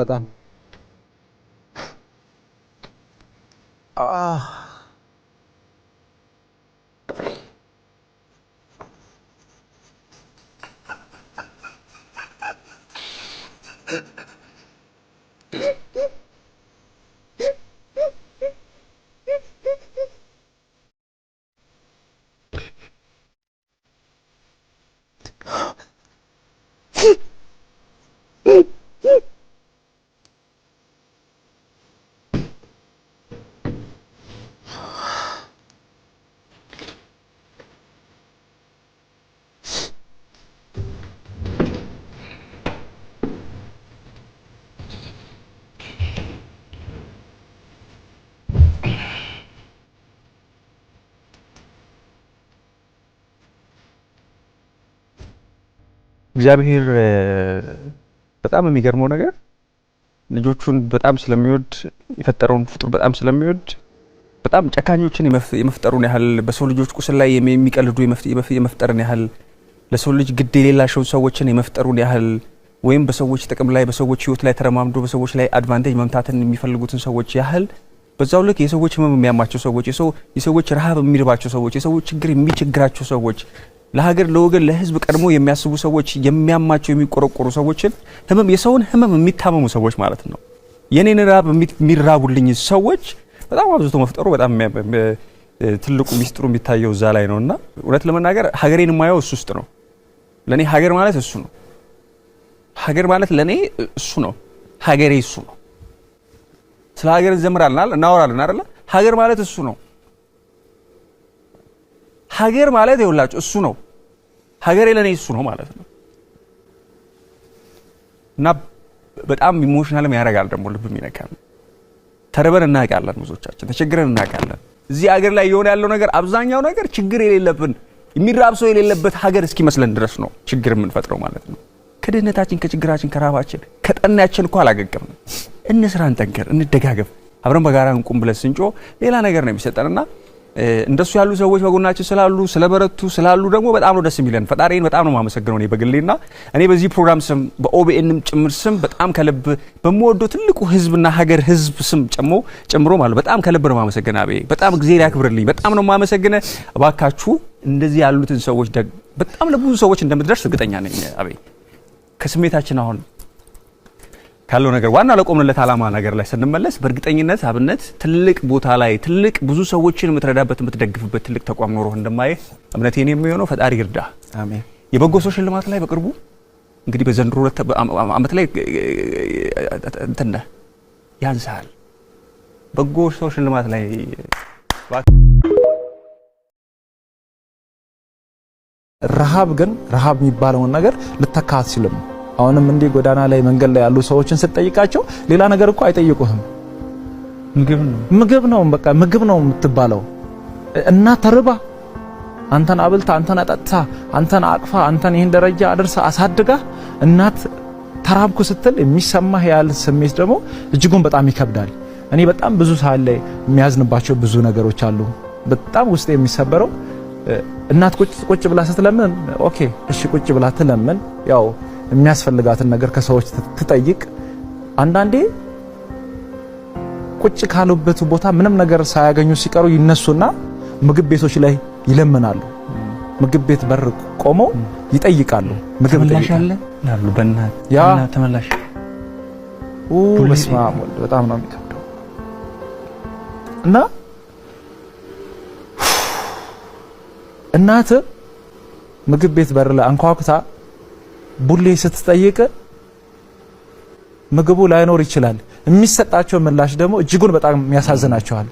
በጣም እግዚአብሔር በጣም የሚገርመው ነገር ልጆቹን በጣም ስለሚወድ የፈጠረውን ፍጡር በጣም ስለሚወድ በጣም ጨካኞችን የመፍጠሩን ያህል በሰው ልጆች ቁስል ላይ የሚቀልዱ የመፍጠርን ያህል ለሰው ልጅ ግድ የሌላቸው ሰዎችን የመፍጠሩን ያህል ወይም በሰዎች ጥቅም ላይ በሰዎች ህይወት ላይ ተረማምዶ በሰዎች ላይ አድቫንቴጅ መምታትን የሚፈልጉትን ሰዎች ያህል በዛው ልክ የሰዎች ህመም የሚያማቸው ሰዎች፣ የሰዎች ረሃብ የሚርባቸው ሰዎች፣ የሰዎች ችግር የሚቸግራቸው ሰዎች ለሀገር ለወገን ለህዝብ ቀድሞ የሚያስቡ ሰዎች የሚያማቸው የሚቆረቆሩ ሰዎችን ህመም የሰውን ህመም የሚታመሙ ሰዎች ማለት ነው። የኔን ራብ የሚራቡልኝ ሰዎች በጣም አብዝቶ መፍጠሩ በጣም ትልቁ ሚስጥሩ የሚታየው እዛ ላይ ነው እና እውነት ለመናገር ሀገሬን የማየው እሱ ውስጥ ነው። ለእኔ ሀገር ማለት እሱ ነው። ሀገር ማለት ለእኔ እሱ ነው። ሀገሬ እሱ ነው። ስለ ሀገር እንዘምራለን፣ እናወራለን አለ ሀገር ማለት እሱ ነው። ሀገር ማለት ይኸውላችሁ እሱ ነው። ሀገሬ ለእኔ እሱ ነው ማለት ነው። እና በጣም ኢሞሽናልም ያደርጋል ደግሞ ልብ የሚነካ ተርበን እናውቃለን፣ ብዙዎቻችን ተቸግረን እናውቃለን። እዚህ ሀገር ላይ የሆነ ያለው ነገር አብዛኛው ነገር ችግር የሌለብን የሚራብ ሰው የሌለበት ሀገር እስኪመስለን ድረስ ነው ችግር የምንፈጥረው ማለት ነው። ከድህነታችን፣ ከችግራችን፣ ከራባችን ከጠናችን እኮ አላገገምንም። እንስራ፣ እንጠንከር፣ እንደጋገፍ፣ አብረን በጋራ እንቁም ብለን ስንጮ ሌላ ነገር ነው የሚሰጠንና እንደሱ ያሉ ሰዎች በጎናችን ስላሉ ስለበረቱ ስላሉ ደግሞ በጣም ነው ደስ የሚለን። ፈጣሪን በጣም ነው ማመሰግነው እኔ በግሌና እኔ በዚህ ፕሮግራም ስም በኦቢኤንም ጭምር ስም በጣም ከልብ በምወደው ትልቁ ህዝብና ሀገር ህዝብ ስም ጨሞ ጨምሮ ማለት በጣም ከልብ ነው የማመሰግነ አቤ በጣም ጊዜ ያክብርልኝ። በጣም ነው ማመሰግነ። እባካችሁ እንደዚህ ያሉትን ሰዎች በጣም ለብዙ ሰዎች እንደምትደርስ እርግጠኛ ነኝ አቤ ከስሜታችን አሁን ካለው ነገር ዋና ለቆምንለት አላማ ነገር ላይ ስንመለስ በእርግጠኝነት አብነት ትልቅ ቦታ ላይ ትልቅ ብዙ ሰዎችን የምትረዳበት የምትደግፍበት ትልቅ ተቋም ኖሮ እንደማየ እምነት የኔ የሚሆነው ፈጣሪ ይርዳ። የበጎ ሰው ሽልማት ላይ በቅርቡ እንግዲህ በዘንድሮ አመት ላይ እንትን ያንሳል በጎ ሰው ሽልማት ላይ ረሃብ ግን ረሃብ የሚባለውን ነገር ልተካ አትችልም። አሁንም እንዲህ ጎዳና ላይ መንገድ ላይ ያሉ ሰዎችን ስትጠይቃቸው ሌላ ነገር እኮ አይጠይቁህም። ምግብ ነው ምግብ ነው በቃ ምግብ ነው የምትባለው እና ተርባ አንተን አብልታ አንተን አጠጥታ አንተን አቅፋ አንተን ይህን ደረጃ አድርሳ አሳድጋ እናት ተራብኩ ስትል የሚሰማህ ያህል ስሜት ደግሞ እጅጉን በጣም ይከብዳል። እኔ በጣም ብዙ ሰዓት ላይ የሚያዝንባቸው ብዙ ነገሮች አሉ። በጣም ውስጥ የሚሰበረው እናት ቁጭ ቁጭ ብላ ስትለምን ኦኬ እሺ ቁጭ ብላ ትለምን ያው የሚያስፈልጋትን ነገር ከሰዎች ትጠይቅ። አንዳንዴ ቁጭ ካሉበት ቦታ ምንም ነገር ሳያገኙ ሲቀሩ ይነሱና ምግብ ቤቶች ላይ ይለምናሉ። ምግብ ቤት በር ቆመው ይጠይቃሉ። ምግብ ያ ተመላሽ በስመ ወልድ በጣም ነው የሚከብደው እና እናት ምግብ ቤት በር ላይ አንኳኩታ ቡሌ ስትጠይቅ ምግቡ ላይኖር ይችላል። የሚሰጣቸው ምላሽ ደግሞ እጅጉን በጣም ያሳዝናቸዋል፣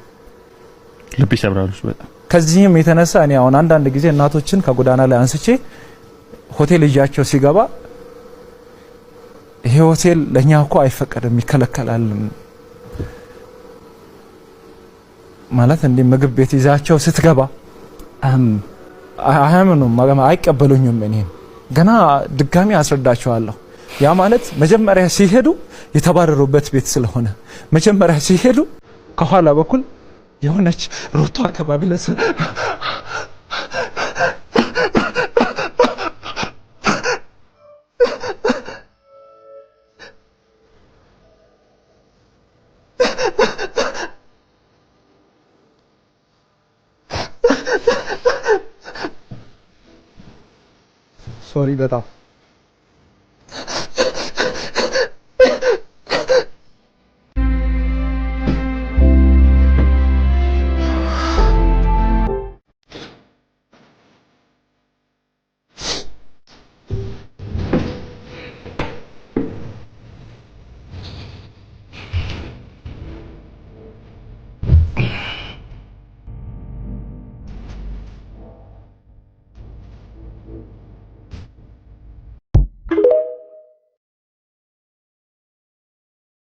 ልብ ይሰብራሉ። በጣም ከዚህም የተነሳ እኔ አሁን አንዳንድ ጊዜ እናቶችን ከጎዳና ላይ አንስቼ ሆቴል ልጃቸው ሲገባ ይሄ ሆቴል ለእኛ እኮ አይፈቀድም ይከለከላል ማለት እንዲህ ምግብ ቤት ይዛቸው ስትገባ አይቀበሉኝም እኔን ገና ድጋሚ አስረዳቸዋለሁ። ያ ማለት መጀመሪያ ሲሄዱ የተባረሩበት ቤት ስለሆነ መጀመሪያ ሲሄዱ ከኋላ በኩል የሆነች ሮቶ አካባቢ सॉरी बताओ